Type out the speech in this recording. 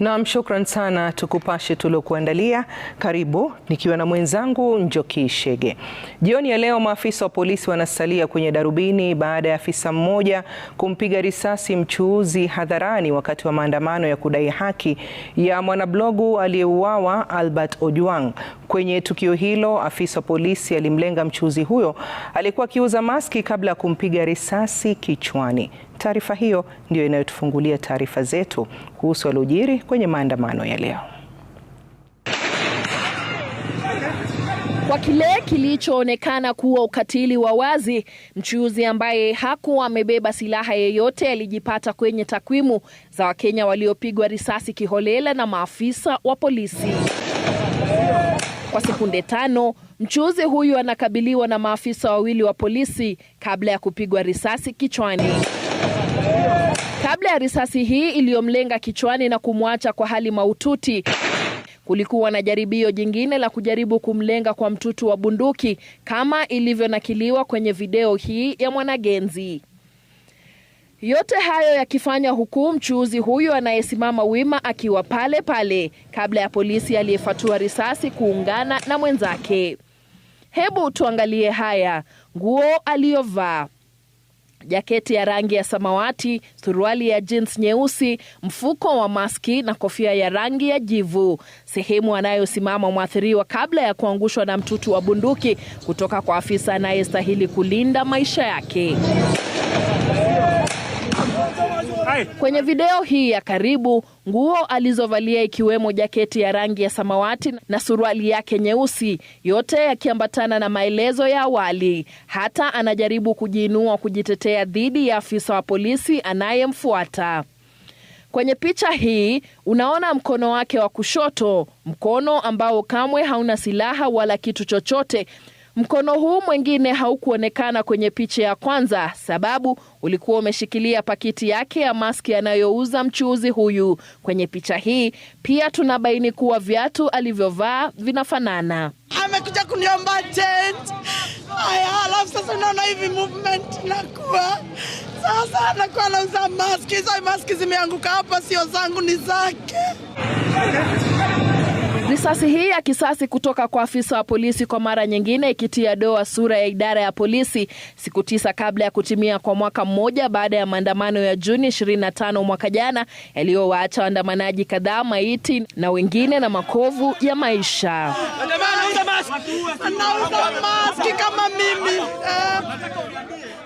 Naam, shukran sana Tukupashe tuliokuandalia. Karibu nikiwa na mwenzangu Njoki Shege. Jioni ya leo, maafisa wa polisi wanasalia kwenye darubini baada ya afisa mmoja kumpiga risasi mchuuzi hadharani wakati wa maandamano ya kudai haki ya mwanablogu aliyeuawa Albert Ojwang. Kwenye tukio hilo, afisa wa polisi alimlenga mchuuzi huyo aliyekuwa akiuza maski kabla ya kumpiga risasi kichwani. Taarifa hiyo ndio inayotufungulia taarifa zetu kuhusu alojiri kwenye maandamano ya leo. Kwa kile kilichoonekana kuwa ukatili wa wazi, mchuuzi ambaye hakuwa amebeba silaha yeyote alijipata kwenye takwimu za Wakenya waliopigwa risasi kiholela na maafisa wa polisi. Kwa sekunde tano, mchuuzi huyu anakabiliwa na maafisa wawili wa polisi kabla ya kupigwa risasi kichwani kabla ya risasi hii iliyomlenga kichwani na kumwacha kwa hali mahututi. Kulikuwa na jaribio jingine la kujaribu kumlenga kwa mtutu wa bunduki kama ilivyonakiliwa kwenye video hii ya mwanagenzi. Yote hayo yakifanya huku mchuuzi huyu anayesimama wima akiwa pale pale kabla ya polisi aliyefatua risasi kuungana na mwenzake. Hebu tuangalie haya nguo aliyovaa jaketi ya rangi ya samawati, suruali ya jeans nyeusi, mfuko wa maski na kofia ya rangi ya jivu. Sehemu anayosimama mwathiriwa kabla ya kuangushwa na mtutu wa bunduki kutoka kwa afisa anayestahili kulinda maisha yake. Kwenye video hii ya karibu, nguo alizovalia ikiwemo jaketi ya rangi ya samawati na suruali yake nyeusi, yote yakiambatana na maelezo ya awali. Hata anajaribu kujiinua kujitetea dhidi ya afisa wa polisi anayemfuata. Kwenye picha hii unaona mkono wake wa kushoto, mkono ambao kamwe hauna silaha wala kitu chochote Mkono huu mwingine haukuonekana kwenye picha ya kwanza, sababu ulikuwa umeshikilia pakiti yake ya maski anayouza mchuuzi huyu. Kwenye picha hii pia tunabaini kuwa viatu alivyovaa vinafanana. Amekuja kuniomba change, alafu sasa unaona hivi movement nakuwa sasa, anakuwa anauza maski. Hizo maski zimeanguka hapa, sio zangu, ni zake Risasi hii ya kisasi kutoka kwa afisa wa polisi kwa mara nyingine ikitia doa sura ya idara ya polisi siku tisa kabla ya kutimia kwa mwaka mmoja baada ya maandamano ya Juni 25 mwaka jana yaliyowaacha waandamanaji kadhaa maiti na wengine na makovu ya maisha. kama mimi. Eh.